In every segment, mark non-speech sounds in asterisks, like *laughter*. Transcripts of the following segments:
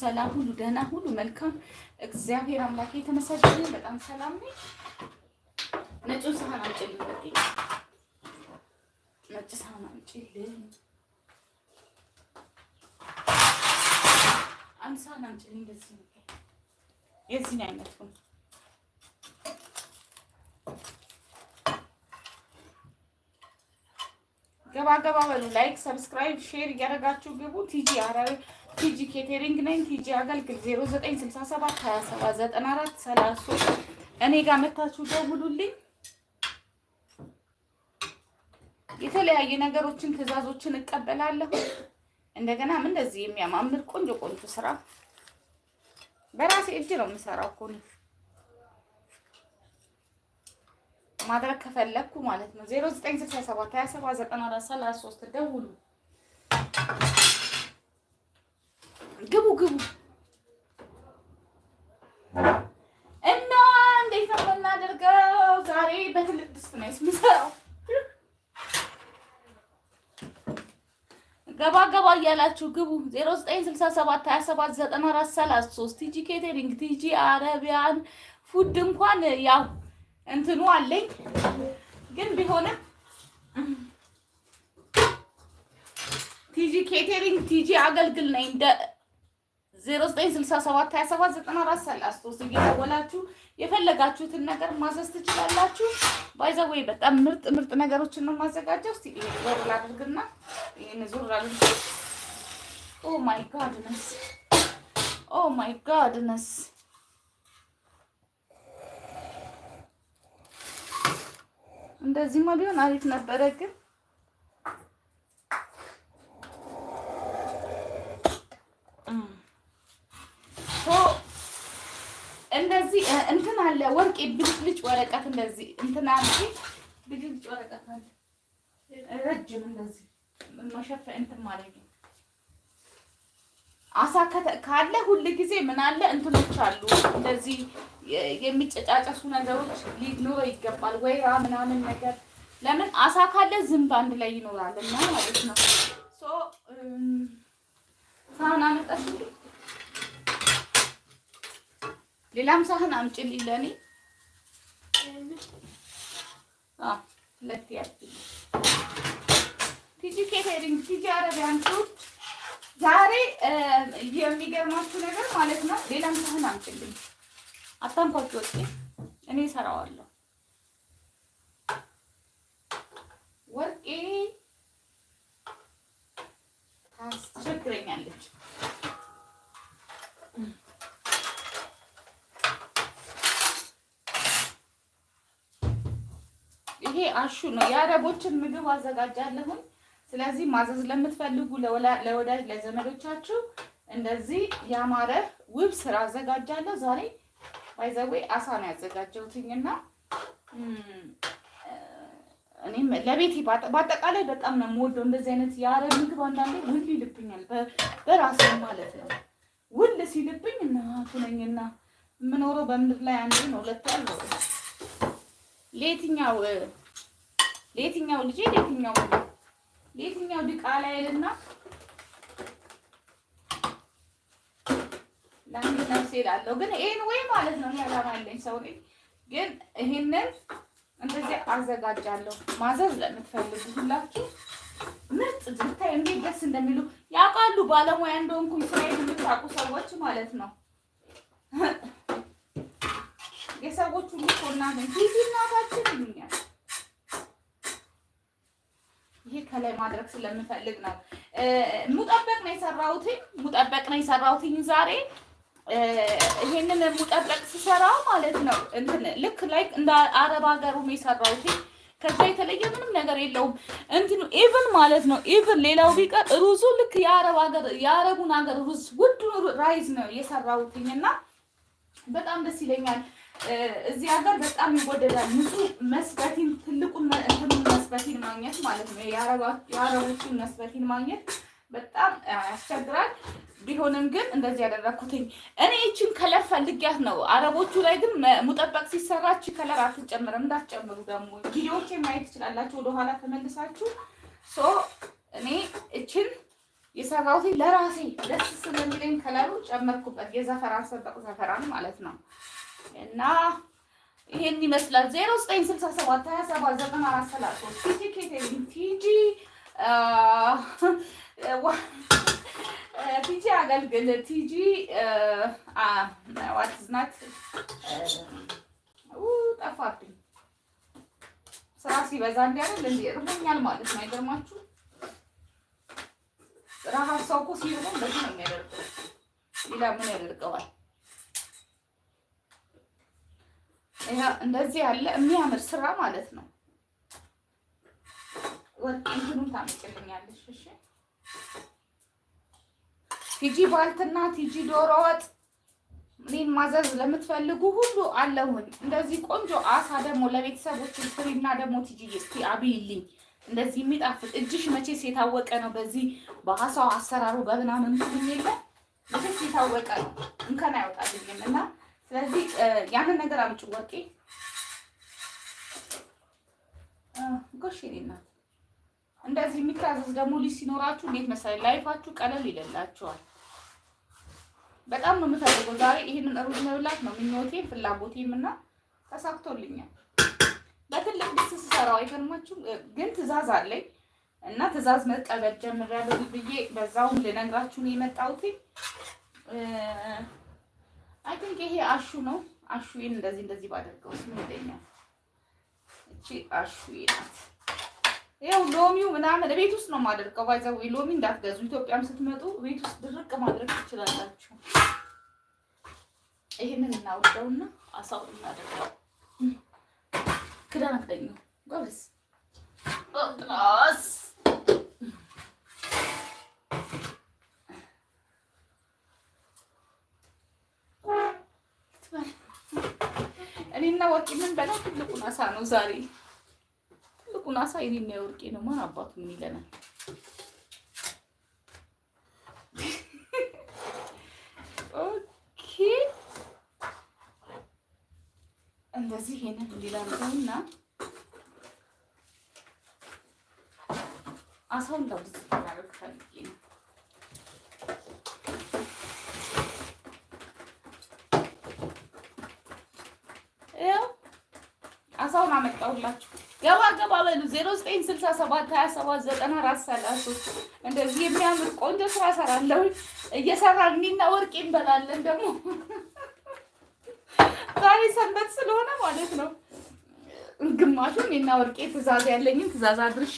ሰላም ሁሉ ደህና ሁሉ መልካም፣ እግዚአብሔር አምላክ የተመሰገነ። በጣም ሰላም ነኝ። ነጭ ሳህን አምጪልኝ፣ ነጭ ሳህን አምጪልኝ፣ አንድ ሳህን አምጪልኝ። እንደዚህ ነው፣ የዚህን አይነት ነው። ገባ ገባ በሉ። ላይክ፣ ሰብስክራይብ፣ ሼር እያደረጋችሁ ግቡ። ቲጂ አራሪ ቲጂ ኬቴሪንግ ነኝ። ቲጂ አገልግል 0967 27 94 33 እኔ ጋር መታችሁ ደውሉልኝ። የተለያየ ነገሮችን ትዕዛዞችን እቀበላለሁ። እንደገናም እንደዚህ የሚያማምር ቆንጆ ቆንጆ ስራ በራሴ እጅ ነው የምሰራው እኮ ነው ማድረግ ከፈለግኩ ማለት ነው። 0967 27 94 33 ደውሉ። ግቡ። እና እንዴት ነው የምናደርገው? ዛሬ በትልቅ ድስት ነው የምሰራው። ገባ ገባ እያላችሁ ግቡ። 0967 27 94 33 ቲጂ ኬተሪንግ፣ ቲጂ አረቢያን ፉድ እንኳን ያው እንትኑ አለኝ ግን ቢሆንም ቲጂ ኬተሪንግ ቲጂ አገልግል ነኝ። 0967279433 እየደወላችሁ የፈለጋችሁትን ነገር ማዘዝ ትችላላችሁ። ባይዘው ወይ በጣም ምርጥ ምርጥ ነገሮችን ነው የማዘጋጀው። እስቲ ዞር ላድርግና ይሄን ዞር ላድርግ። ኦ ማይ ጋድነስ፣ ኦ ማይ ጋድነስ እንደዚህማ ቢሆን አሪፍ ነበረ ግን እንደዚህ እንትን አለ ወርቅ ብልጭልጭ ወረቀት እንደዚህ እንትን አለ ብልጭልጭ ወረቀት አለ ረጅም እንደዚህ መሸፈ እንትን ማለት ነው። አሳ ካለ ሁል ጊዜ ምን አለ እንትኖች አሉ እንደዚህ የሚጨጫጨሱ ነገሮች ሊኖር ይገባል። ወይራ ምናምን ነገር ለምን አሳ ካለ ዝንብ አንድ ላይ ይኖራል እና ማለት ነው ሶ ሳህን አመጣሽ ሌላም ሳህን አምጪልኝ ለእኔ ሁለት ያል ቲጂ ኬተሪንግ ቲጂ አረቢያን ፉድ ዛሬ የሚገርማችሁ ነገር ማለት ነው። ሌላም ሳህን አምጪልኝ አታንኳች ወጥ እኔ እሰራዋለሁ። ወርቄ ታስቸግረኛለች። ይሄ አሹ ነው። የአረቦችን ምግብ አዘጋጃለሁኝ። ስለዚህ ማዘዝ ለምትፈልጉ ለወዳጅ ለዘመዶቻችሁ እንደዚህ ያማረ ውብ ስራ አዘጋጃለሁ። ዛሬ ባይዘዌ አሳ ነው ያዘጋጀሁትኝና እኔም ለቤቴ በአጠቃላይ በጣም ነው የምወደው። እንደዚህ አይነት የአረብ ምግብ አንዳንዴ ውል ይልብኛል፣ በራሴ ማለት ነው። ውል ሲልብኝ እናቱ ነኝና የምኖረው በምድር ላይ አንዴ ነው፣ ሁለት ያለው ለየትኛው ለየትኛው ልጅ ለየትኛው ለየትኛው ድቃ ላይ አይደልና ለምንድነው እላለሁ። ግን ይሄን ወይ ማለት ነው ያላማ ያለኝ ሰው ነኝ። ግን ይሄንን እንደዚህ አዘጋጃለሁ። ማዘዝ ለምትፈልጉ ሁላችሁ ምርጥ ብታይ እንዴት ደስ እንደሚሉ ያውቃሉ። ባለሙያ እንደሆንኩኝ ስራዬን የምታውቁ ሰዎች ማለት ነው። የሰዎች ሁሉ እኮ እናትን ቲቪ እናታችን ይሉኛል ይሄ ከላይ ማድረግ ስለምፈልግ ነው። ሙጠበቅ ነው የሰራሁትኝ ሙጠበቅ ነው የሰራሁትኝ ዛሬ ይሄንን ሙጠበቅ ስሰራ ማለት ነው እንትን ልክ ላይክ እንደ አረብ ሀገሩ ነው የሰራሁትኝ። ከዛ የተለየ ምንም ነገር የለውም። እንትኑ ኢቭን ማለት ነው ኢቭን ሌላው ቢቀር ሩዙ ልክ የአረብ ሀገር የአረቡን ሀገር ሩዝ ውድ ራይዝ ነው የሰራሁትኝ እና በጣም ደስ ይለኛል። እዚህ ሀገር በጣም ይወደዳል። ንጹህ መስበቲን ትልቁን እንትን ነስበቲን ማግኘት ማለት ነው። የአረቦቹን ነስበቲን ማግኘት በጣም ያስቸግራል። ቢሆንም ግን እንደዚህ ያደረኩትኝ እኔ ይችን ከለር ፈልጊያት ነው። አረቦቹ ላይ ግን ሙጠበቅ ሲሰራ እቺ ከለር አትጨምርም። እንዳትጨምሩ ደግሞ ቪዲዮቼ ማየት ትችላላችሁ፣ ወደኋላ ተመልሳችሁ። ሶ እኔ እችን የሰራሁት ለራሴ ደስ ስለሚለኝ ከለሩ ጨመርኩበት፣ የዘፈራን ሰበቅ ዘፈራን ማለት ነው እና ይሄን ይመስላል። 0967 27 94 33 ቲጂ ቲጂ አገልግል ቲጂ ዋትዝናት ጠፋብኝ። ስራ ሲበዛ እንዲያደል እንዲ እርቦኛል ማለት ነው። አይገርማችሁ? ረሀብ ሰው እኮ ነው የሚያደርገው። ሌላ ምን ያደርገዋል? እንደዚህ ያለ የሚያምር ስራ ማለት ነው። ወርቅ እንትኑን ታመጭልኛለሽ። እሺ ቲጂ ባልትና ቲጂ ዶሮ ወጥ እኔን ማዘዝ ለምትፈልጉ ሁሉ አለሁኝ። እንደዚህ ቆንጆ አሳ ደግሞ ለቤተሰቦች ፍሪና ደግሞ ቲጂዬ እስኪ አብይልኝ። እንደዚህ የሚጣፍጥ እጅሽ መቼስ የታወቀ ነው። በዚህ በአሳው አሰራሩ በምናምን የለ መቼስ የታወቀ ነው። እንከን አይወጣልኝም እና ስለዚህ ያንን ነገር አምጪ ወርቄ ጎሽ ና እንደዚህ የሚታዘዝ ደግሞ ልጅ ሲኖራችሁ እንዴት መሰለኝ ላይፋችሁ ቀለል ይለላችኋል። በጣም ነው የምፈልገው ዛሬ ይህንን ሩዝ መብላት ነው ምኞቴም ፍላጎቴም እና ተሳክቶልኛል። በትልቅ ድስት ስሰራው አይገርማችሁም? ግን ትእዛዝ አለኝ እና ትእዛዝ መቀበል ጀምሬያለሁ ብዬ በዛውም ልነግራችሁ ነው የመጣሁት። አይ ቲንክ ይሄ አሹ ነው። አሹዬን እንደዚህ እንደዚህ ባደርገው ስም ይለኛል። እቺ አሹዬ ናት። ይኸው ሎሚው ምናምን ቤት ውስጥ ነው የማደርገው። ባይዘው ሎሚ እንዳትገዙ ኢትዮጵያም ስትመጡ ቤት ውስጥ ድርቅ ማድረግ ትችላላችሁ። ይሄንን እናውርደውና አሳው እናደርገው። ክዳን አክደኝ ጎበዝ ኦስ እኔና ወርቅ ምን በላ ትልቁን አሳ ነው ዛሬ ትልቁን አሳ የኔና የወርቄ ነው። ማን አባቱ ምን ይለናል? ኦኬ እንደዚህ ይሄንን እንዲላንተውና አሳውን ላውዝ ያደርግ ፈልጌ አሳውን አመጣሁላችሁ። ገባ ገባ በሉ 0967 27 እንደዚህ የሚያምር ቆንጆ ስራ እሰራለሁ። እየሰራን እኔና ወርቅ እንበላለን። ደግሞ *laughs* ዛሬ ሰንበት ስለሆነ ማለት ነው። ግማሹ እኔና ወርቄ ትእዛዝ ያለኝን ትእዛዝ አድርሼ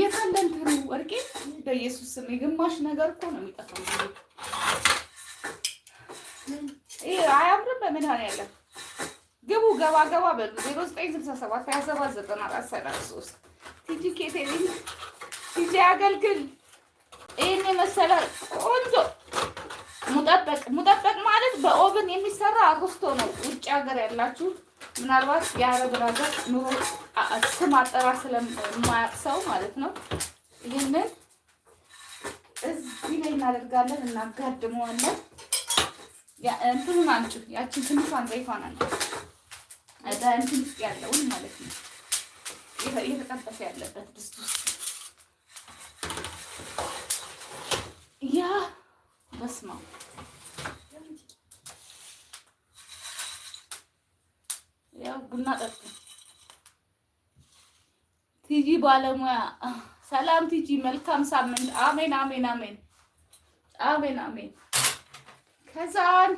የታለን ትሩ ወርቄ በኢየሱስ ስም የግማሽ ነገር እኮ ነው የሚጠፋው። ይሄ አያምርም በመድኃኒዓለም ገባ ገባ በሉ 0967 2794 ቲጂ ኬተሪንግ ቲጂ አገልግል። ይህን የመሰለ ቆንጆ ሙጠበቅ ሙጠበቅ ማለት በኦብን የሚሰራ አሮስቶ ነው። ውጭ ሀገር ያላችሁ ምናልባት የአረብ ሀገር ኑሮ ስም አጠራር ስለማያውቅ ሰው ማለት ነው። ይህንን እዚህ ላይ እናደርጋለን፣ እናጋድመዋለን። እንትኑን አንቺ ያችን ትንሿን ዘይቷን አንቺ በእንትን ውስጥ ያለውን ማለት ነው እየተጠበሰ ያለበት ድስት ውስጥ ያ በስማው ያው ቡና ጠጡ። ቲጂ ባለሙያ ሰላም ቲጂ፣ መልካም ሳምንት። አሜን አሜን አሜን አሜን አሜን። ከዛን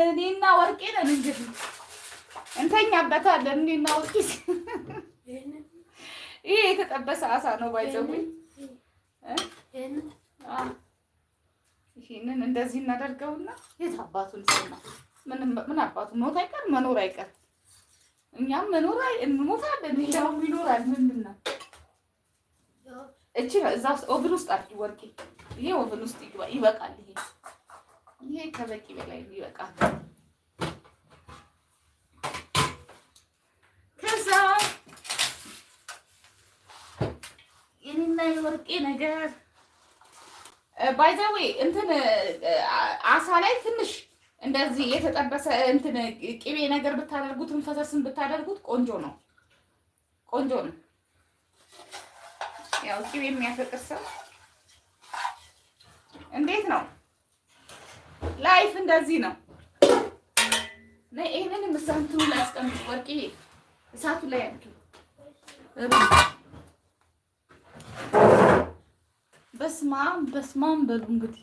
እኔና ወርቄ ነን እንግዲህ እንተኛበታለን። እኔና ወርቂስ ይሄ የተጠበሰ አሳ ነው። ባይዘጉኝ ይህንን እንደዚህ እናደርገውና የት አባቱን ስማ፣ ምን አባቱ ሞት አይቀር መኖር አይቀር፣ እኛም መኖር እንሞታለን፣ ይሄውም ይኖራል። ምንድን ነው እቺ እዛ ኦቭን ውስጥ አድርጊ ወርቂ። ይሄ ኦቭን ውስጥ ይግባ፣ ይበቃል። ይሄ ይሄ ከበቂ በላይ ይበቃል። ወርቄ ነገር ባይዘዌ እንትን አሳ ላይ ትንሽ እንደዚህ የተጠበሰ እንትን ቅቤ ነገር ብታደርጉት ፈሰስን ብታደርጉት ቆንጆ ነው፣ ቆንጆ ነው። ያው ቅቤ የሚያፈቅር ሰው እንዴት ነው? ላይፍ እንደዚህ ነው። ይህንን ምሳንቱ ላይ ወርቄ እሳቱ ላይ ያድርግ። በስማም በስማም በሉ እንግዲህ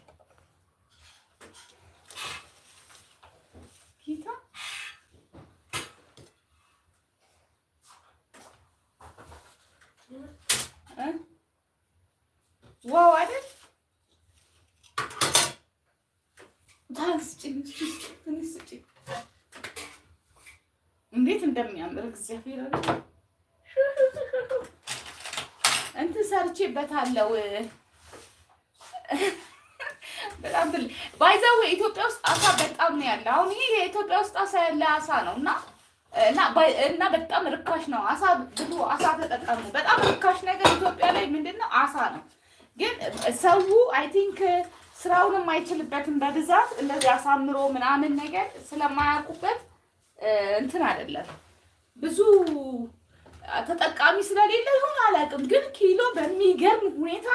ዋው አይደል? እንዴት እንደሚያምር እግዚአብሔር እንትን ሰርቼበታለሁ። አሳብል ባይዛው ኢትዮጵያ ውስጥ አሳ በጣም ነው ያለ። አሁን ይሄ የኢትዮጵያ ውስጥ አሳ ያለ አሳ ነው እና እና በጣም ርካሽ ነው። አሳ ብዙ አሳ ተጠቀሙ። በጣም ርካሽ ነገር ኢትዮጵያ ላይ ምንድን ነው አሳ ነው። ግን ሰው አይ ቲንክ ስራውንም አይችልበትም በብዛት እንደዚህ አሳምሮ ምናምን ነገር ስለማያውቁበት እንትን አይደለም ብዙ ተጠቃሚ ስለሌለ ይሆን አላውቅም። ግን ኪሎ በሚገርም ሁኔታ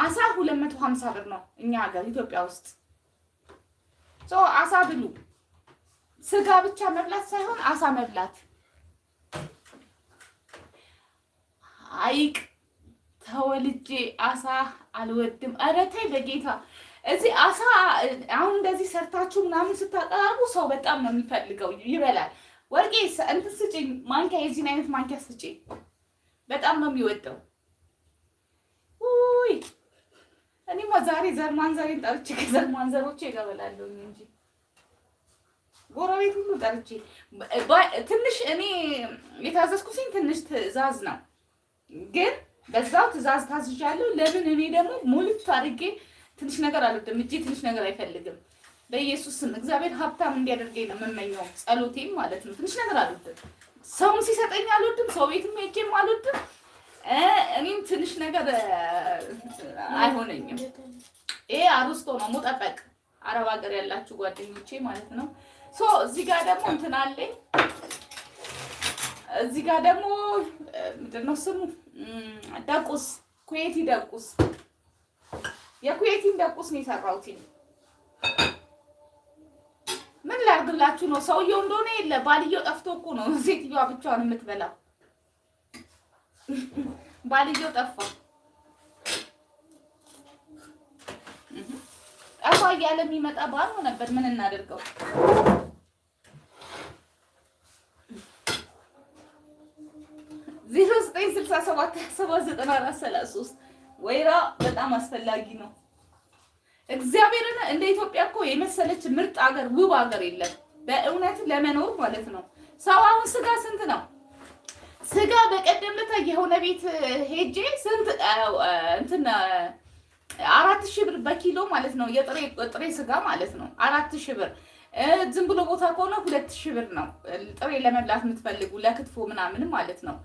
አሳ 250 ሀምሳ ብር ነው እኛ ሀገር ኢትዮጵያ ውስጥ። አሳ ብሉ። ስጋ ብቻ መብላት ሳይሆን አሳ መብላት። ሐይቅ ተወልጄ አሳ አልወድም። ኧረ ተይ በጌታ እዚህ አሳ አሁን እንደዚህ ሰርታችሁ ምናምን ስታቀራርቡ ሰው በጣም ነው የሚፈልገው፣ ይበላል። ወርቄ እንትን ስጪኝ፣ ማንኪያ የዚህን አይነት ማንኪያ ስጪኝ። በጣም ነው የሚወደው። ውይ እኔማ ዛሬ ዘር ማንዘሬን ጠርቼ ከዘር ማንዘሮቼ ጋር እንጂ ጎረቤት ሁሉ ጠርቼ ትንሽ እኔ የታዘዝኩትኝ ትንሽ ትዕዛዝ ነው፣ ግን በዛው ትዕዛዝ ታዝዣለሁ። ለምን እኔ ደግሞ ሙልት አድርጌ ትንሽ ነገር አልወድም። እጄ ትንሽ ነገር አይፈልግም። በኢየሱስ ስም እግዚአብሔር ሀብታም እንዲያደርገኝ ነው የምመኘው፣ ጸሎቴም ማለት ነው። ትንሽ ነገር አልወድም። ሰውም ሲሰጠኝ አልወድም። ሰው ቤትም ሄጄም አልወድም። ነገር አይሆነኝም። ይሄ አሩስቶ ነው ሙጠበቅ አረብ ሀገር ያላችሁ ጓደኞቼ ማለት ነው። ሶ እዚህ ጋር ደግሞ እንትን አለኝ። እዚህ ጋር ደግሞ ምንድን ነው ስሙ? ደቁስ ኩዌቲ ደቁስ፣ የኩዌቲን ደቁስ ነው የሰራሁት። ምን ላድርግላችሁ ነው ሰውየው እንደሆነ የለ ባልየው ጠፍቶ እኮ ነው ሴትዮዋ ብቻዋን የምትበላው። ባልየው ጠፋ ጠፋ እያለ የሚመጣ ባል ነበር። ምን እናደርገው? ዜሮ ዘጠኝ ስልሳ ሰባት ሰባት ዘጠና አራት ሰላሳ ሶስት ወይራ በጣም አስፈላጊ ነው። እግዚአብሔርን እንደ ኢትዮጵያ እኮ የመሰለች ምርጥ ሀገር፣ ውብ ሀገር የለም በእውነት ለመኖር ማለት ነው። ሰው አሁን ስጋ ስንት ነው? ስጋ በቀደም ዕለት የሆነ ቤት ሄጄ ስንት እንትን አራት ሺህ ብር በኪሎ ማለት ነው። የጥሬ ጥሬ ስጋ ማለት ነው። አራት ሺህ ብር ዝም ብሎ ቦታ ከሆነ ሁለት ሺህ ብር ነው። ጥሬ ለመብላት የምትፈልጉ ለክትፎ ምናምን ማለት ነው።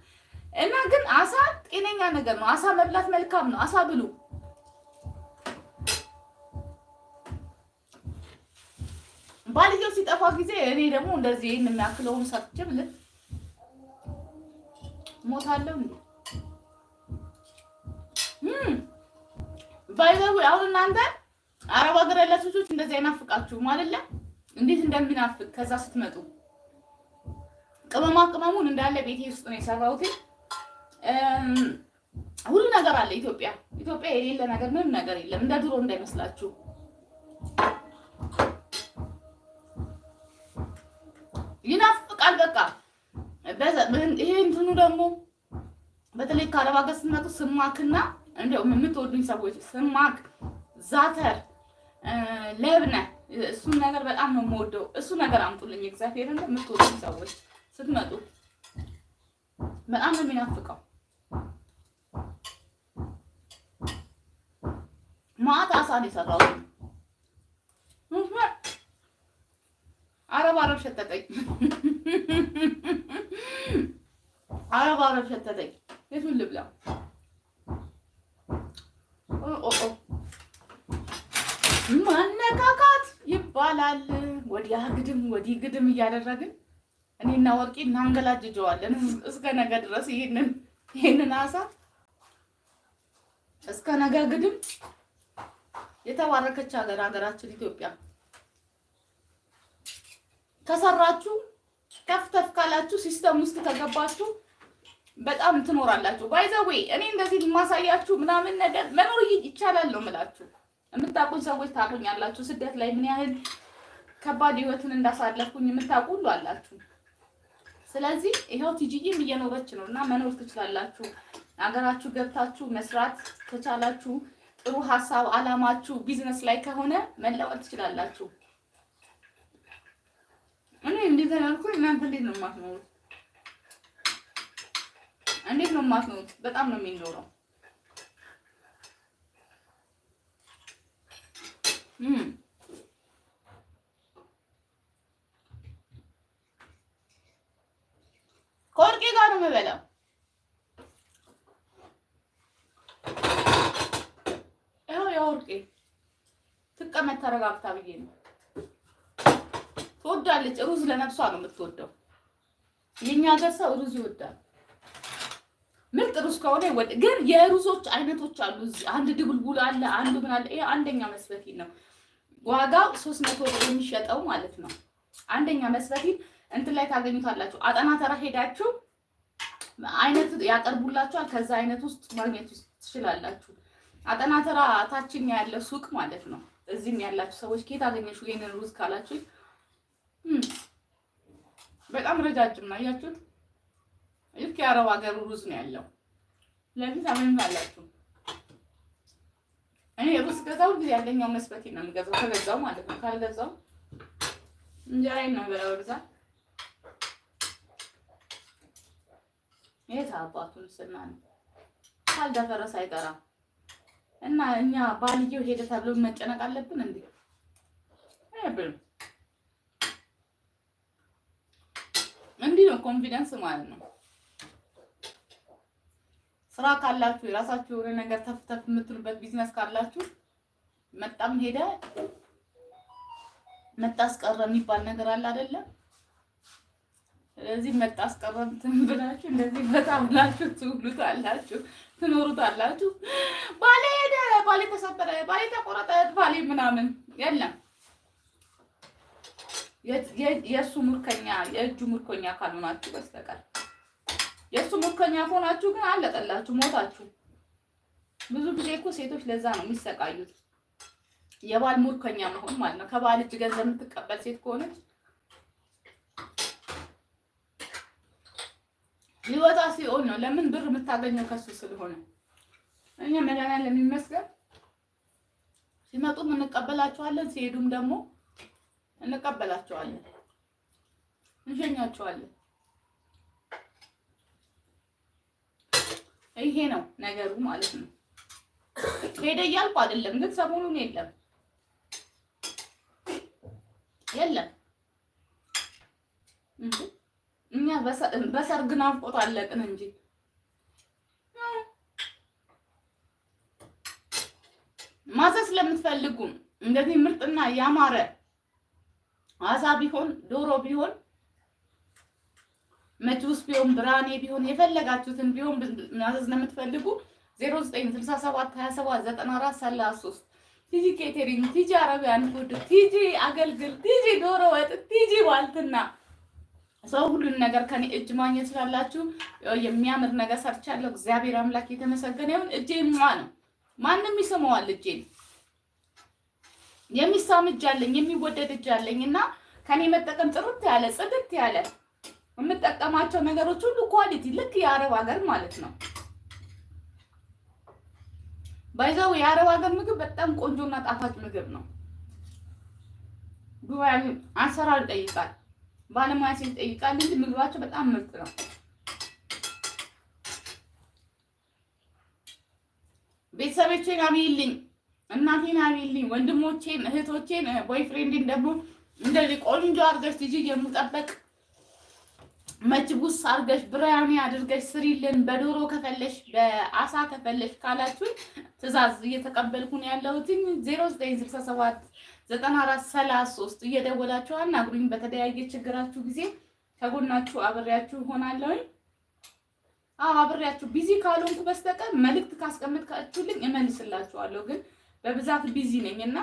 እና ግን አሳ ጤነኛ ነገር ነው። አሳ መብላት መልካም ነው። አሳ ብሉ። ባልየው ሲጠፋ ጊዜ እኔ ደግሞ እንደዚህ ይህን የሚያክለውን ሰርችም ሞታለሁ እንዴ? ባይዘው አሁን እናንተ አረብ ሀገር ያላችሁ ልጆች እንደዚህ አይናፍቃችሁም አይደለ? እንዴት እንደሚናፍቅ ከዛ ስትመጡ ቅመማ ቅመሙን እንዳለ ቤቴ ውስጥ ነው የሰራሁት። ሁሉ ነገር አለ ኢትዮጵያ። ኢትዮጵያ የሌለ ነገር ምንም ነገር የለም። እንደ ድሮ እንዳይመስላችሁ። ይሄ እንትኑ ደግሞ በተለይ ከአረብ ሀገር ስትመጡ ስማክና እንደው የምትወዱኝ ሰዎች ስማክ፣ ዛተር፣ ለብነ እሱን ነገር በጣም ነው የምወደው። እሱ ነገር አምጡልኝ። እግዚአብሔር እንደ የምትወዱኝ ሰዎች ስትመጡ በጣም ነው የሚናፍቀው። ማታ አሳን የሰራው አረብ አረብ ሸጠጠኝ። አረብ አረብ ሸተተኝ። የቱን ልብላ? ማነካካት ይባላል። ወዲያ ግድም ወዲህ ግድም እያደረግን እኔና ወርቂ እናንገላጅጀዋለን እስከ ነገ ድረስ ይህንን ይሄንን አሳ እስከ ነገ ግድም። የተባረከች ሀገር ሀገራችን ኢትዮጵያ ከሰራችሁ ከፍተፍ ካላችሁ ሲስተም ውስጥ ከገባችሁ በጣም ትኖራላችሁ። ባይዘዌ እኔ እንደዚህ ማሳያችሁ ምናምን ነገር መኖር ይቻላል ነው ምላችሁ የምታቁኝ ሰዎች ታውቁኛላችሁ። ስደት ላይ ምን ያህል ከባድ ህይወትን እንዳሳለፍኩኝ የምታቁ ሁሉ አላችሁ። ስለዚህ ይኸው ቲጂዬም እየኖረች ነው እና መኖር ትችላላችሁ። አገራችሁ ገብታችሁ መስራት ከቻላችሁ ጥሩ ሀሳብ አላማችሁ ቢዝነስ ላይ ከሆነ መለወጥ ትችላላችሁ። እኔ እንዴት እናንተ እንዴት ነው የማትኖሩት? እንዴት ነው የማትኖት በጣም ነው የሚኖረው። ከወርቄ ጋር ነው የምበላው። ይኸው የወርቄ ትቀመጥ ተረጋግታ ብዬ ነው። ትወዳለች ሩዝ ለነብሷ ነው የምትወደው። የእኛ ሀገር ሰው ሩዝ ይወዳል። ምርጥ ሩዝ ከሆነ ወጥ ግን የሩዞች አይነቶች አሉ። አንድ ድብልቡል አለ፣ አንዱ ምን አለ። ይሄ አንደኛ መስበቲን ነው ዋጋው 300 ብር የሚሸጠው ማለት ነው። አንደኛ መስበቲን እንትን ላይ ታገኙታላችሁ። አጠና ተራ ሄዳችሁ አይነት ያቀርቡላችኋል። ከዛ አይነት ውስጥ ማግኘት ትችላላችሁ። አጠና ተራ ታችኛ ያለ ሱቅ ማለት ነው። እዚህም ያላችሁ ሰዎች ከየት አገኘሽው ይሄንን ሩዝ ካላችሁ በጣም ረጃጅም ነው። አያችሁት? ልክ የአረብ ሀገር ሩዝ ነው ያለው። ስለዚህ ታምንም አላችሁ። እኔ ሩዝ ገዛው ጊዜ ያለኛው መስበቴ ነው የምገዛው፣ ከገዛው ማለት ነው። ካልገዛው እንጀራዬን ነው የምበላው ብዛት። የት አባቱ ምስና ነው ካልደፈረሰ አይጠራም። እና እኛ ባልየው ሄደ ተብሎ መጨነቅ አለብን እንዴ? አይብልም እንዲህ ነው ኮንፊደንስ ማለት ነው። ስራ ካላችሁ የራሳችሁ የሆነ ነገር ተፍተፍ የምትሉበት ቢዝነስ ካላችሁ መጣም ሄደ መጣስቀረ የሚባል ነገር አለ አይደለም። ስለዚህ መጣስቀረ አስቀረ እንትን ብላችሁ እንደዚህ በጣም ብላችሁ ትውሉት አላችሁ ትኖሩት አላችሁ። ባሌ ሄደ፣ ባሌ ተሰበረ፣ ባሌ ተቆረጠ፣ ባሌ ምናምን የለም። የእሱ ምርኮኛ የእጁ ምርኮኛ ካልሆናችሁ በስተቀር የእሱ ምርኮኛ ከሆናችሁ ግን አለቀላችሁ፣ ሞታችሁ። ብዙ ጊዜ እኮ ሴቶች ለዛ ነው የሚሰቃዩት፣ የባል ምርኮኛ መሆን ማለት ነው። ከባል እጅ ገንዘብ የምትቀበል ሴት ከሆነች ሊወጣ ሲሆን ነው። ለምን ብር የምታገኘው ከሱ ስለሆነ። እኛ መድኃኒዓለም ይመስገን ሲመጡም እንቀበላቸዋለን፣ ሲሄዱም ደግሞ እንቀበላቸዋለን፣ እንሸኛቸዋለን። ይሄ ነው ነገሩ ማለት ነው። ሄደ እያልኩ አይደለም፣ ግን ሰሞኑን የለም የለም። እኛ በሰርግ ናፍቆት አለቅን እንጂ ማዘ ስለምትፈልጉ እንደዚህ ምርጥና ያማረ አሳ ቢሆን ዶሮ ቢሆን መጁስ ቢሆን ብራኔ ቢሆን የፈለጋችሁትን ቢሆን ማዘዝ የምትፈልጉ 0967279433 ቲጂ ኬቴሪንግ፣ ቲጂ አረቢያን ፉድ፣ ቲጂ አገልግል፣ ቲጂ ዶሮ ወጥ፣ ቲጂ ዋልትና ሰው ሁሉን ነገር ከኔ እጅ ማግኘት ስላላችሁ የሚያምር ነገር ሰርቻለሁ። እግዚአብሔር አምላክ የተመሰገነ ይሁን። እጄ ማ ነው ማንም ይስመዋል። እጄ የሚሳም እጅ አለኝ፣ የሚወደድ እጅ አለኝ እና ከኔ መጠቀም ጥርት ያለ ጽድት ያለ የምጠቀማቸው ነገሮች ሁሉ ኳሊቲ ልክ የአረብ ሀገር ማለት ነው። ባይዛው የአረብ ሀገር ምግብ በጣም ቆንጆና ጣፋጭ ምግብ ነው። ጉባኤ አሰራር ይጠይቃል፣ ባለሙያ ሴት ይጠይቃል እንጂ ምግባቸው በጣም ምርጥ ነው። ቤተሰቦቼን አብይልኝ፣ እናቴን አብይልኝ፣ ወንድሞቼን፣ እህቶቼን ቦይፍሬንድን ደግሞ እንደዚህ ቆንጆ አድርገሽ ልጅ የምጠበቅ መችቡስ አርገሽ ብራያኒ አድርገሽ ስሪልን በዶሮ ከፈለሽ በአሳ ከፈለሽ ካላችሁኝ ትዛዝ እየተቀበልኩን ነው ያለሁት። 0967 9433 እየደወላችሁ አናግሩኝ። በተለያየ ችግራችሁ ጊዜ ከጎናችሁ አብሬያችሁ እሆናለሁኝ። አዎ አብሬያችሁ ቢዚ ካልሆንኩ በስተቀር መልእክት ካስቀመጣችሁልኝ እመልስላችኋለሁ። ግን በብዛት ቢዚ ነኝ እና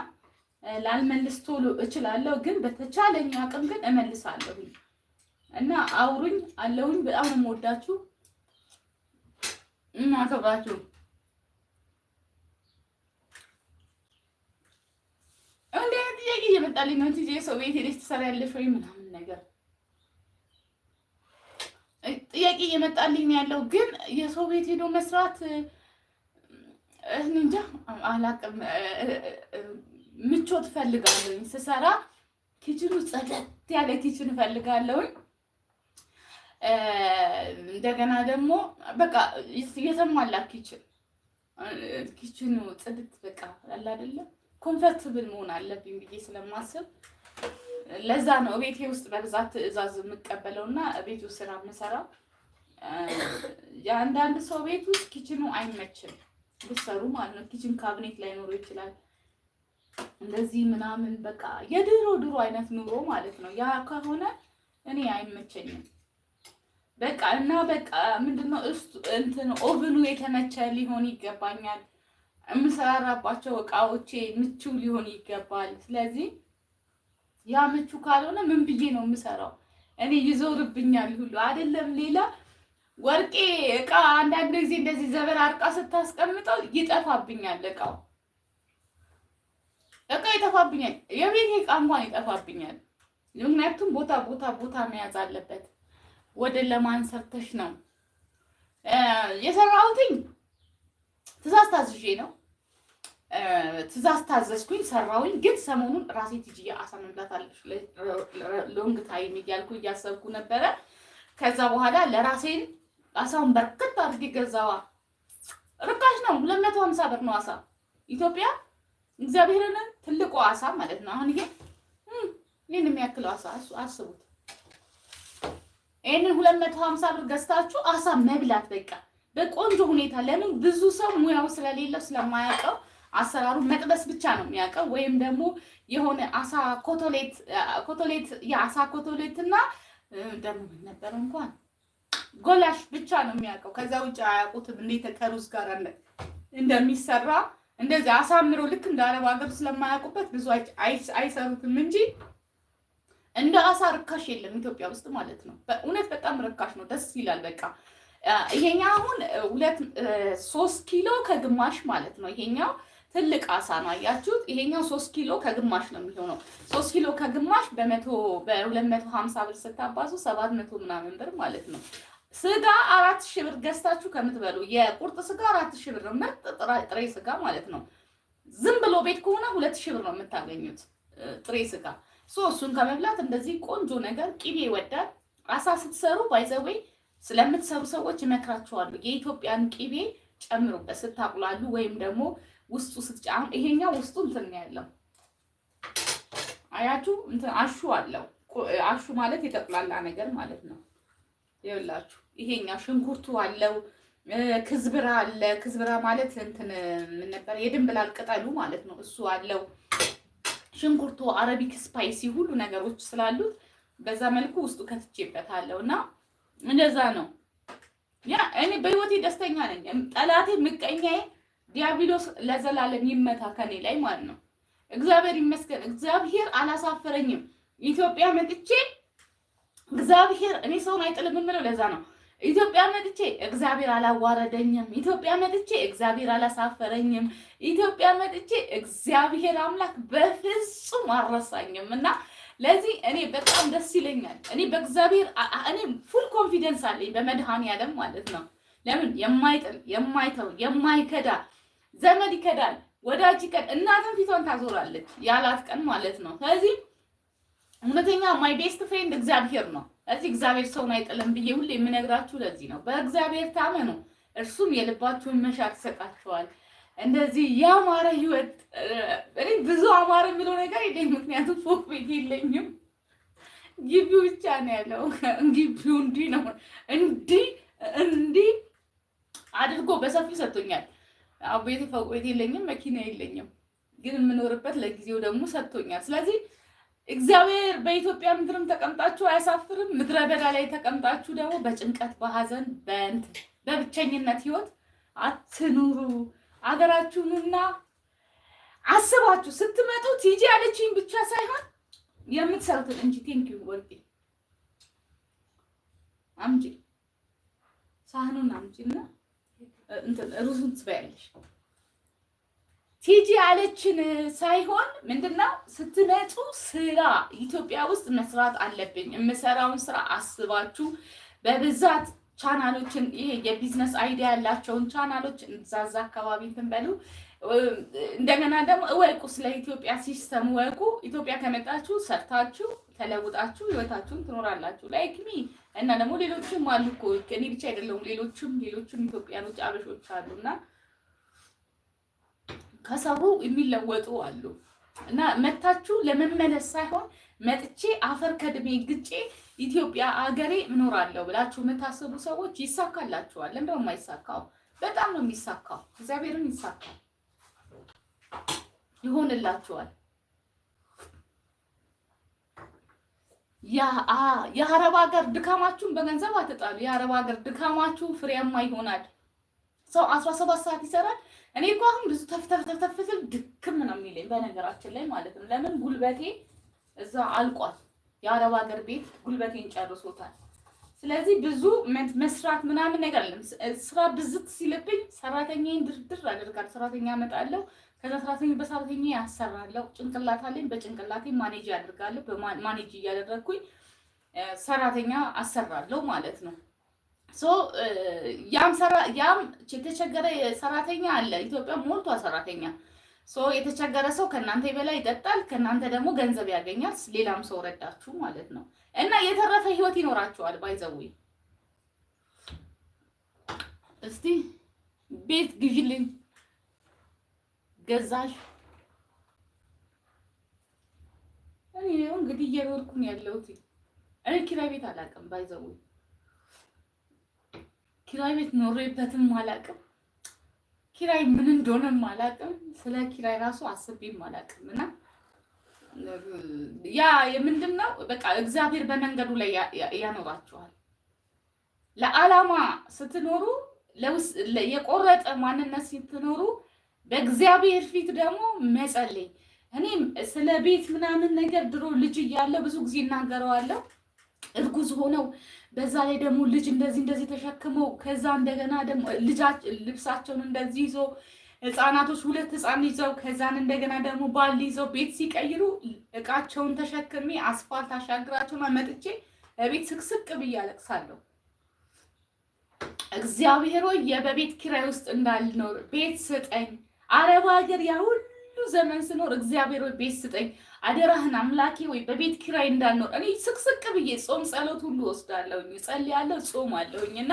ላልመልስ ቶሎ እችላለሁ። ግን በተቻለኝ አቅም ግን እመልሳለሁኝ። እና አውሩኝ አለውኝ። በጣም ነው የምወዳችሁ እና አከብራችሁ እንዴ ጥያቄ እየመጣልኝ ነው። እንጂ ሰው ቤት ሄደሽ ትሰሪያለሽ ወይ ምናምን ነገር ጥያቄ እየመጣልኝ ያለው። ግን የሰው ቤት ሄዶ መስራት እንጃ አላቅም። ምቾት እፈልጋለሁኝ ስሰራ ኪችኑ ጸደት ያለ ኪችን እፈልጋለሁኝ። እንደገና ደግሞ በቃ የተሟላ ኪችን ኪችኑ ጽድት በቃ አለ አይደለም ኮንፈርትብል መሆን አለብኝ ብዬ ስለማስብ ለዛ ነው ቤቴ ውስጥ በብዛት ትዕዛዝ የምቀበለው እና ቤቱ ስራ የምሰራው። የአንዳንድ ሰው ቤት ውስጥ ኪችኑ አይመችም ብሰሩ ማለት ነው። ኪችን ካቢኔት ላይኖሩ ይችላል። እንደዚህ ምናምን በቃ የድሮ ድሮ አይነት ኑሮ ማለት ነው። ያ ከሆነ እኔ አይመቸኝም። በቃ እና በቃ ምንድነው እሱ እንትን ኦቭኑ የተመቸ ሊሆን ይገባኛል። የምሰራራባቸው እቃዎቼ ምቹ ሊሆን ይገባል። ስለዚህ ያ ምቹ ካልሆነ ምን ብዬ ነው የምሰራው? እኔ ይዞርብኛል ሁሉ አይደለም ሌላ ወርቄ እቃ አንዳንድ ጊዜ እንደዚህ ዘበር አርቃ ስታስቀምጠው ይጠፋብኛል። እቃው እቃ ይጠፋብኛል። የቤት እቃ እንኳን ይጠፋብኛል። ምክንያቱም ቦታ ቦታ ቦታ መያዝ አለበት። ወደ ለማን ሰርተሽ ነው የሰራሁትኝ? ትእዛዝ ታዝዤ ነው። ትእዛዝ ታዘዝኩኝ፣ ሰራሁኝ። ግን ሰሞኑን ራሴ ትጅዬ አሳ አለሽ ሎንግ ታይም እያልኩ እያሰብኩ ነበረ። ከዛ በኋላ ለራሴን አሳውን በርከት አድርጌ ገዛዋ። ርካሽ ነው፣ ሁለት መቶ ሀምሳ ብር ነው አሳ ኢትዮጵያ። እግዚአብሔርን ትልቁ አሳ ማለት ነው። አሁን ይሄ ይህን የሚያክለው አሳ አስቡት። ይህንን 250 ብር ገዝታችሁ አሳ መብላት በቃ በቆንጆ ሁኔታ። ለምን ብዙ ሰው ሙያው ስለሌለው ስለማያውቀው አሰራሩ መጥበስ ብቻ ነው የሚያውቀው። ወይም ደግሞ የሆነ አሳ ኮቶሌት ኮቶሌት የአሳ ኮቶሌት እና ደግሞ ምን ነበረ እንኳን ጎላሽ ብቻ ነው የሚያውቀው። ከዛ ውጭ አያውቁትም እንዴት ከሩዝ ጋር እንደሚሰራ እንደዚህ አሳምሮ ልክ እንደ አረብ ሀገር ስለማያውቁበት ብዙ አይሰሩትም እንጂ እንደ አሳ ርካሽ የለም ኢትዮጵያ ውስጥ ማለት ነው። በእውነት በጣም ርካሽ ነው። ደስ ይላል። በቃ ይሄኛው አሁን ሁለት ሶስት ኪሎ ከግማሽ ማለት ነው። ይሄኛው ትልቅ አሳ ነው አያችሁት። ይሄኛው ሶስት ኪሎ ከግማሽ ነው የሚሆነው። ሶስት ኪሎ ከግማሽ በመቶ በሁለት መቶ ሀምሳ ብር ስታባዙ ሰባት መቶ ምናምን ብር ማለት ነው። ስጋ አራት ሺህ ብር ገዝታችሁ ከምትበሉ የቁርጥ ስጋ አራት ሺህ ብር ምርጥ ጥሬ ስጋ ማለት ነው። ዝም ብሎ ቤት ከሆነ ሁለት ሺህ ብር ነው የምታገኙት ጥሬ ስጋ ሶስቱን እሱን ከመብላት እንደዚህ ቆንጆ ነገር ቂቤ ይወዳል። አሳ ስትሰሩ ባይዘወይ ስለምትሰሩ ሰዎች ይመክራችኋሉ። የኢትዮጵያን ቂቤ ጨምሩበት ስታቁላሉ፣ ወይም ደግሞ ውስጡ ስትጫም። ይሄኛው ውስጡ እንትን ያለው አያችሁ እንትን አሹ አለው። አሹ ማለት የጠቅላላ ነገር ማለት ነው። ይኸውላችሁ ይሄኛው ሽንኩርቱ አለው፣ ክዝብራ አለ። ክዝብራ ማለት እንትን ምን ነበር? የድንብላል ቅጠሉ ማለት ነው። እሱ አለው ሽንኩርቱ፣ አረቢክ ስፓይሲ ሁሉ ነገሮች ስላሉት በዛ መልኩ ውስጡ ከትቼበታለሁ እና እንደዛ ነው። ያ እኔ በህይወቴ ደስተኛ ነኝ። ጠላቴ ምቀኛዬ ዲያብሎስ ለዘላለም ይመታ ከኔ ላይ ማለት ነው። እግዚአብሔር ይመስገን፣ እግዚአብሔር አላሳፈረኝም። ኢትዮጵያ መጥቼ እግዚአብሔር እኔ ሰውን አይጥልም የምለው ለዛ ነው። ኢትዮጵያ መጥቼ እግዚአብሔር አላዋረደኝም። ኢትዮጵያ መጥቼ እግዚአብሔር አላሳፈረኝም። ኢትዮጵያ መጥቼ እግዚአብሔር አምላክ በፍጹም አረሳኝም እና ለዚህ እኔ በጣም ደስ ይለኛል። እኔ በእግዚአብሔር እኔ ፉል ኮንፊደንስ አለኝ በመድኃኔዓለም ማለት ነው። ለምን የማይጥል የማይተው የማይከዳ ዘመድ ይከዳል፣ ወዳጅ ይከዳል፣ እናትም ፊቷን ታዞራለች ያላት ቀን ማለት ነው። ስለዚህ እውነተኛ ማይ ቤስት ፍሬንድ እግዚአብሔር ነው። እዚህ እግዚአብሔር ሰውን አይጥልም ብዬ ሁሌ የምነግራችሁ ለዚህ ነው። በእግዚአብሔር ታመኑ፣ እርሱም የልባችሁን መሻት ይሰጣችኋል። እንደዚህ የአማረ ህይወት እኔ ብዙ አማረ የሚለው ነገር የለኝ፣ ምክንያቱም ፎቅ ቤት የለኝም። ግቢው ብቻ ነው ያለው። ግቢው እንዲህ ነው እንዲህ እንዲህ አድርጎ በሰፊ ሰጥቶኛል። ቤቴ ፎቅ ቤት የለኝም፣ መኪና የለኝም፣ ግን የምኖርበት ለጊዜው ደግሞ ሰጥቶኛል። ስለዚህ እግዚአብሔር በኢትዮጵያ ምድርም ተቀምጣችሁ አያሳፍርም። ምድረ በዳ ላይ ተቀምጣችሁ ደግሞ በጭንቀት በሀዘን በእንት በብቸኝነት ህይወት አትኑሩ። አገራችሁንና አስባችሁ ስትመጡ ቲጂ ያለችኝ ብቻ ሳይሆን የምትሰሩትን እንጂ ቴንክ ዩ ወርዴ አምጪ፣ ሳህኑን አምጪና ሩዙን ትበያለሽ። ቲጂ አለችን ሳይሆን ምንድነው ስትመጡ ስራ ኢትዮጵያ ውስጥ መስራት አለብኝ። የምሰራውን ስራ አስባችሁ በብዛት ቻናሎችን ይሄ የቢዝነስ አይዲያ ያላቸውን ቻናሎች እንዛዛ አካባቢ እንትን በሉ። እንደገና ደግሞ እወቁ፣ ስለ ኢትዮጵያ ሲስተም እወቁ። ኢትዮጵያ ከመጣችሁ ሰርታችሁ ተለውጣችሁ ህይወታችሁን ትኖራላችሁ። ላይክ ሚ እና ደግሞ ሌሎችም አሉ እኮ እኔ ብቻ አይደለሁም። ሌሎችም ሌሎችም ኢትዮጵያኖች አበሾች አሉ እና ከሰሩ የሚለወጡ አሉ እና መታችሁ ለመመለስ ሳይሆን መጥቼ አፈር ከድሜ ግጬ ኢትዮጵያ አገሬ እኖራለሁ ብላችሁ የምታስቡ ሰዎች ይሳካላችኋል። እንደውም አይሳካው በጣም ነው የሚሳካው። እግዚአብሔርም ይሳካል፣ ይሆንላችኋል። የአረብ ሀገር ድካማችሁን በገንዘብ አትጣሉ። የአረብ ሀገር ድካማችሁ ፍሬያማ ይሆናል። ሰው አስራ ሰባት ሰዓት ይሰራል እኔ እኮ አሁን ብዙ ተፍተፍተፍተፍ ስል ድክም ነው የሚለኝ በነገራችን ላይ ማለት ነው። ለምን ጉልበቴ እዛ አልቋል። የአረብ ሀገር ቤት ጉልበቴን ጨርሶታል። ስለዚህ ብዙ መስራት ምናምን ነገር አለም። ስራ ብዝት ሲልብኝ ሰራተኛዬን ድርድር አደርጋለሁ። ሰራተኛ እመጣለሁ። ከዛ ሰራተኛ በሰራተኛ ያሰራለሁ። ጭንቅላት አለኝ። በጭንቅላቴ ማኔጅ ያደርጋለሁ። ማኔጅ እያደረግኩኝ ሰራተኛ አሰራለሁ ማለት ነው። ያም የተቸገረ ሰራተኛ አለ። ኢትዮጵያ ሞልቷ ሰራተኛ የተቸገረ ሰው ከእናንተ በላይ ይጠጣል፣ ከእናንተ ደግሞ ገንዘብ ያገኛል። ሌላም ሰው ረዳችሁ ማለት ነው እና የተረፈ ህይወት ይኖራችኋል። ባይዘዊ እስቲ ቤት ግዢልኝ ገዛሽ። እኔ እንግዲህ እየኖርኩን ያለሁት እኔ ኪራይ ቤት አላውቅም ባይዘዊ ኪራይ ቤት ኖሬበትም አላቅም። ኪራይ ምን እንደሆነም አላቅም። ስለ ኪራይ ራሱ አስቤም አላቅም። እና ያ የምንድን ነው በቃ እግዚአብሔር በመንገዱ ላይ ያኖራችኋል። ለዓላማ ስትኖሩ፣ የቆረጠ ማንነት ስትኖሩ፣ በእግዚአብሔር ፊት ደግሞ መጸለይ። እኔም ስለ ቤት ምናምን ነገር ድሮ ልጅ እያለ ብዙ ጊዜ እናገረዋለሁ እርጉዝ ሆነው በዛ ላይ ደግሞ ልጅ እንደዚህ እንደዚህ ተሸክመው ከዛ እንደገና ደግሞ ልብሳቸውን እንደዚህ ይዞ ህፃናቶች ሁለት ህፃን ይዘው ከዛን እንደገና ደግሞ ባል ይዘው ቤት ሲቀይሩ እቃቸውን ተሸክሜ አስፋልት አሻግራቸውን አመጥቼ በቤት ስቅስቅ ብዬ አለቅሳለሁ። እግዚአብሔር ሆይ የበቤት ኪራይ ውስጥ እንዳልኖር ቤት ስጠኝ። አረብ ሀገር ያ ሁሉ ዘመን ስኖር እግዚአብሔር ሆይ ቤት ስጠኝ። አደራህን አምላኬ ወይ በቤት ኪራይ እንዳልኖር እኔ ስቅስቅ ብዬ ጾም ጸሎት ሁሉ ወስዳለሁኝ፣ ጸልያለሁ፣ ጾም አለሁኝ እና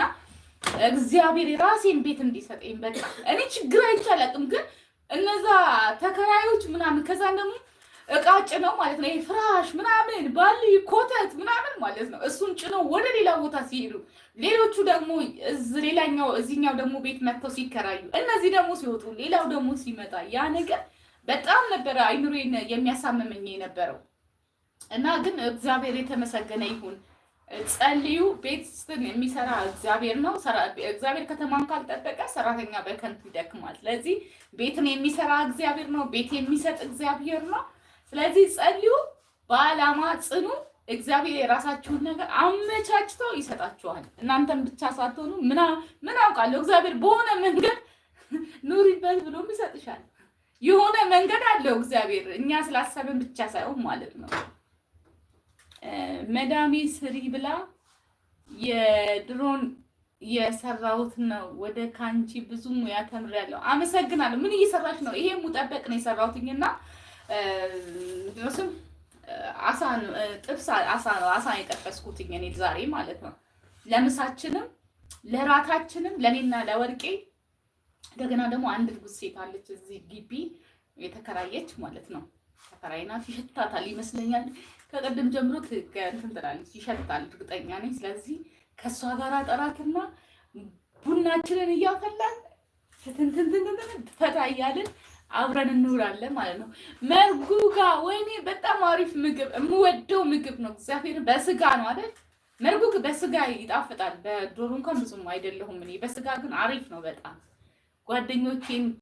እግዚአብሔር የራሴን ቤት እንዲሰጠኝ በቃ እኔ ችግር አይቻላቅም። ግን እነዛ ተከራዮች ምናምን ከዛ ደግሞ እቃ ጭነው ማለት ነው ፍራሽ ምናምን ባል ኮተት ምናምን ማለት ነው እሱን ጭነው ወደ ሌላ ቦታ ሲሄዱ፣ ሌሎቹ ደግሞ ሌላኛው እዚኛው ደግሞ ቤት መጥተው ሲከራዩ፣ እነዚህ ደግሞ ሲወጡ፣ ሌላው ደግሞ ሲመጣ ያ ነገር በጣም ነበረ አይምሮ የሚያሳምመኝ የነበረው እና ግን እግዚአብሔር የተመሰገነ ይሁን። ጸልዩ። ቤትን የሚሰራ እግዚአብሔር ነው። እግዚአብሔር ከተማን ካልጠበቀ ሰራተኛ በከንቱ ይደክማል። ስለዚህ ቤትን የሚሰራ እግዚአብሔር ነው። ቤት የሚሰጥ እግዚአብሔር ነው። ስለዚህ ጸልዩ፣ በዓላማ ጽኑ። እግዚአብሔር የራሳችሁን ነገር አመቻችቶ ይሰጣችኋል። እናንተም ብቻ ሳትሆኑ ምን አውቃለሁ እግዚአብሔር በሆነ መንገድ ኑሪበት ብሎም ይሰጥሻል። የሆነ መንገድ አለው እግዚአብሔር እኛ ስላሰብን ብቻ ሳይሆን ማለት ነው። መዳሜ ስሪ ብላ የድሮን የሰራሁት ነው። ወደ ካንቺ ብዙ ሙያ ተምሬያለሁ። አመሰግናለሁ። ምን እየሰራች ነው? ይሄ ሙጠበቅ ነው የሰራሁትኝና ድረስም አሳ ጥብስ አሳ ነው የጠበስኩትኝ እኔ ዛሬ ማለት ነው። ለምሳችንም ለራታችንም ለእኔና ለወርቄ እንደገና ደግሞ አንድ እርጉዝ ሴት አለች እዚህ ግቢ የተከራየች ማለት ነው። ተከራይ ናት። ይሸታታል ይመስለኛል። ከቀደም ጀምሮ እንትን ትላለች፣ ይሸታል እርግጠኛ ነኝ። ስለዚህ ከእሷ ጋር ጠራትና ቡናችንን እያፈላን ትንትንትንትን ፈታ እያልን አብረን እንውላለን ማለት ነው። መርጉጋ ወይኔ በጣም አሪፍ ምግብ የምወደው ምግብ ነው። እግዚአብሔር በስጋ ነው አይደል? መርጉግ በስጋ ይጣፍጣል። በዶሮ እንኳን ብዙም አይደለሁም እኔ። በስጋ ግን አሪፍ ነው በጣም ጓደኞቼም